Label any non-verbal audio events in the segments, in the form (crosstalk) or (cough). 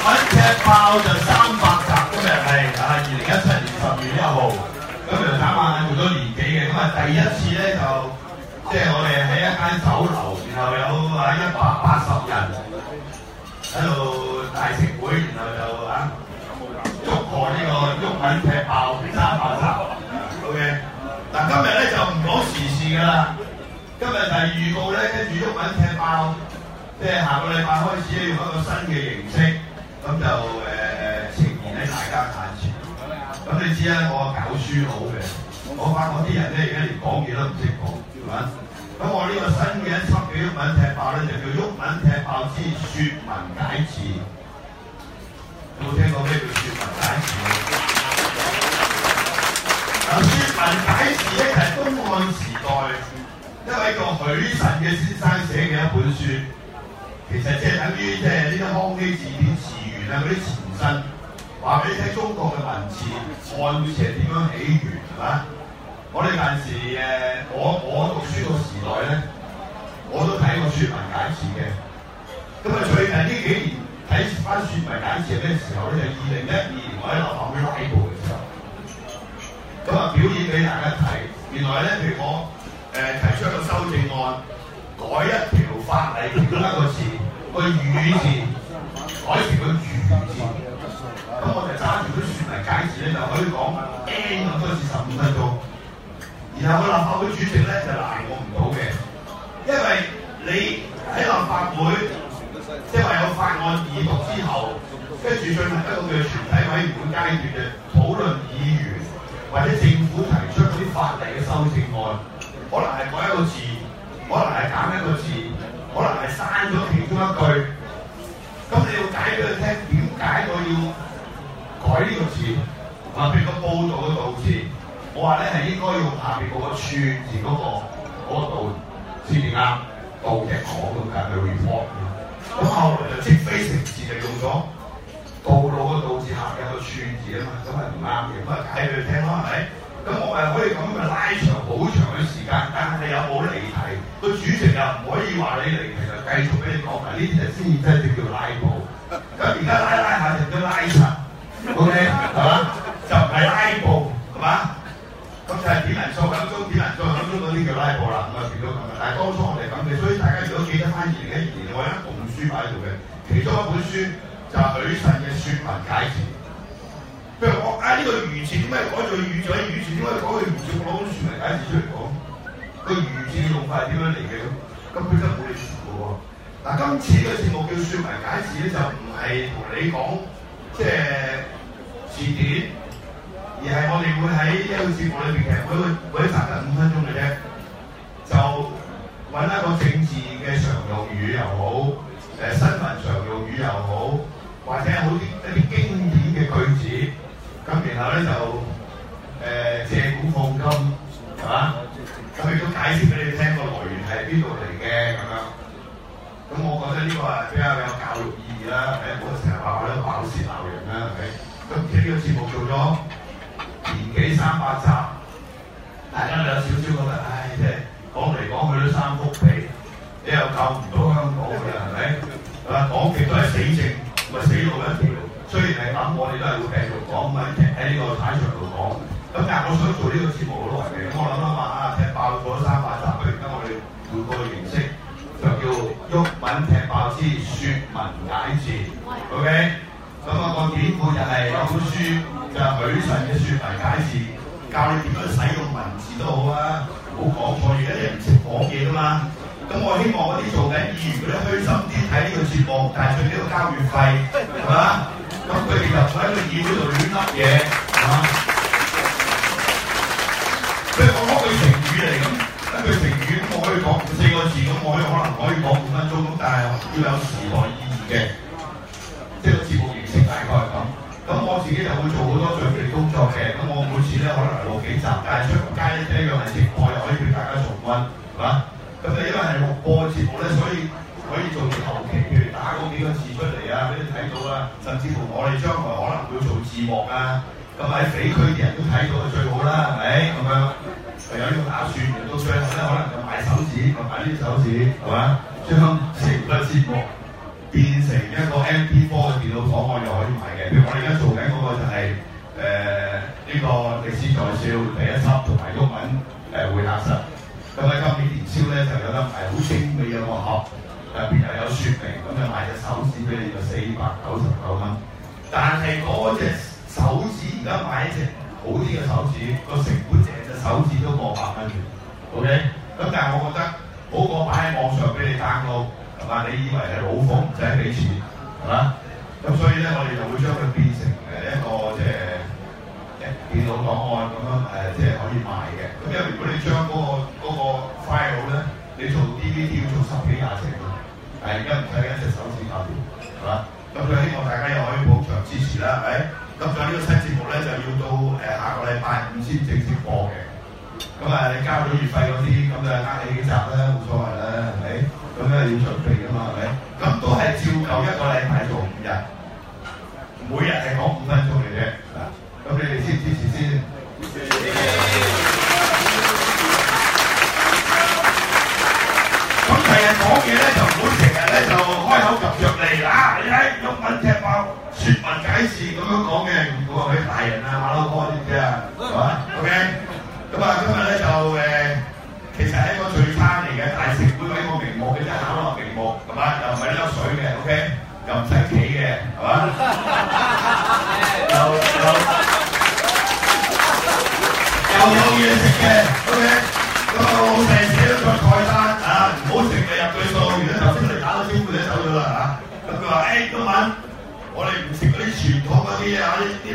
《毓民踢爆》就三百集咁嘅，係啊，二零一七年十月一號咁，其實打馬做咗年幾嘅，咁啊第一次咧就即係我哋喺一間酒樓，然後有啊一百八十人喺度大食會，然後就啊，祝賀呢個《毓民踢爆》三百集。O K.，嗱今日咧就唔講時事噶啦，今日就係預告咧，跟住《毓民踢爆》，即係下個禮拜開始咧，用一個新嘅形式。咁就誒、呃呃、呈現喺大家眼前。咁你知咧，我係搞書好嘅，我發覺啲人咧而家連講嘢都唔識講粵文。咁我呢個新嘅一輯嘅毓民踢爆咧，就叫粵文踢爆之説文解字。有冇聽過咩叫説文解字啊？説文解字咧係東漢時代因為一位個許慎嘅先生寫嘅一本書，其實即係等於即係。啲前身話俾你睇中國嘅文字漢字係點樣起源係嘛？我哋嗰陣時我我讀書個時代咧，我都睇過《説文解字》嘅。咁、呃、啊，最近呢幾年睇翻《説文解字》係咩時候咧？就二零一二年我喺立法會拉布嘅時候。咁、就、啊、是，我的表演俾大家睇，原來咧，譬如我誒、呃、提出一個修正案，改一條法例，改一個字，個語字。改成個句字。咁我就揸住啲船嚟解字咧，就可以講 N 咁多字十五分鐘。然後個立法會主席咧就難我唔到嘅，因為你喺、即係、立法會即係話有法案議讀之後，跟住進入一個叫全體委員會階段嘅討論，議員或者政府提出嗰啲法例嘅修正案，可能係改一個字，可能係減一個字，可能係刪咗其中一句。咁你要解俾佢聽，點解我要改呢個字？啊，譬如個報道嘅導字，我話呢係應該用下面嗰個串字嗰個嗰、那個導先啱，報劇講咁嘅 report。咁、那個、re 後來即非成字就用咗報道嘅導字下面有個串字啊嘛，咁係唔啱嘅，咁啊解佢聽咯，係咪？咁我咪可以咁樣咪拉長好長嘅時間，但係你有冇離題？個主席又唔可以話你離題，就繼續俾你講埋呢啲，就先至真正叫拉布。咁而家拉拉下就叫拉柴，O K，係嘛？就唔係拉布，係嘛？咁就係點人數咁多，點人數咁多嗰啲叫拉布啦。我係變咗咁嘅，但係當初我哋咁嘅，所以大家如果記得翻二零一二年，我有一本書擺喺度嘅，其中一本書就係許慎嘅《說文解字》。呢個魚字點解改做魚嘴？魚字點解改做魚嘴？我攞說文解字出嚟講，個魚字嘅用法係點樣嚟嘅？咁本身冇理㗎喎。嗱，今次呢個節目叫說文解字咧，就唔係同你講即係字典，而係我哋會喺呢個節目裏邊其實每每集得五分鐘嘅啫，就揾一個政治嘅常用語又好，誒新聞常用語又好，或者好啲一啲經。咁然後咧就誒借古諷今係嘛？咁亦都解釋俾你聽個來源係邊度嚟嘅咁樣。咁我覺得呢個係比較有教育意義啦，係咪？唔好成日白話咧，鬧事鬧人啦，係咪？咁傾呢個節目做咗年幾三百集，大家有少少覺得，唉，即係講嚟講去都三幅皮，你又救唔到香港嘅係咪？啊，講極都係死證，咪死路一條。雖然係咁，我哋都係會繼續講文劇喺呢個踩場度講。咁但係我想做呢個節目好多嚟嘅，我諗下話啊，踢爆咗三百集，不如而家我哋換個形式，就叫毓民踢爆之說文解字。OK，咁我個典故就係有本書，就係、是《許慎嘅説文解字》，教你點樣使用文字都好啊，好講錯嘢。啲人唔識講嘢㗎嘛，咁我希望嗰啲做緊議員嗰啲虛心啲睇呢個節目，但係最緊要交月費，係嘛？ (laughs) 咁佢哋就喺個議會度亂噏嘢，啊！佢講嗰句成語嚟咁，嗰句成語，我可以講四個字咁，我可可能可以講五分鐘咁，但係要有時代意義嘅，即係節目形式大概係咁。咁我自己又會做好多準備工作嘅，咁我每次咧可能錄幾集，但係出街呢一樣係直播，又可以俾大家重温，係嘛？喺死區啲人都睇到就最好啦，係咪咁樣？就有呢個打算，嚟到最後咧可能就買手指，又買呢啲手指，係嘛？將成個節目變成一個 MP4 嘅電腦房，我哋可以買嘅。譬如我哋而家做緊嗰個就係誒呢個歷史在線第一輯同埋中文誒會客室。咁喺今年年宵咧就有得賣好精美嘅噃，嗬！入邊又有說明，咁就買隻手指俾你，就四百九十九蚊。但係嗰隻手而家買一隻好啲嘅手指，整個成本隻手指都過百蚊 OK 咁但係我覺得好過買喺網上俾你 download，但係你以為係老闆唔使俾錢，係嘛？咁所以咧，我哋就會將佢變成誒一個即係電腦檔案咁樣誒、呃，即係可以賣嘅。咁因為如果你將嗰、那個、那個、file 咧，你做 DVD 要做十幾廿隻咯。係而家唔使一隻手指搞掂，係嘛？咁就希望大家又可以捧場支持啦，係、哎。咁仲有呢個親切。就要到、呃、下個禮拜五先正式播嘅，咁你交咗月費嗰啲，咁就啱你幾集啦，冇所謂啦，係，咁咧要準備嘅嘛，係咪？説文解字，咁樣講嘅，唔好話俾大人啊、馬騮哥知唔知啊？係嘛？OK。咁啊，今日咧就誒，其實係一個聚餐嚟嘅，大食會揾個名目，你真係攪落名目係嘛？是不是一 okay? 又唔係係攤水嘅，OK。又唔使。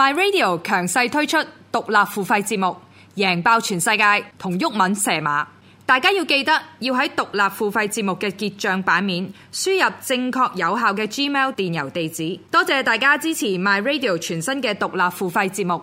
My Radio 強勢推出獨立付費節目，贏爆全世界同毓民射馬。大家要記得要喺獨立付費節目嘅結帳版面輸入正確有效嘅 Gmail 電郵地址。多謝大家支持 My Radio 全新嘅獨立付費節目。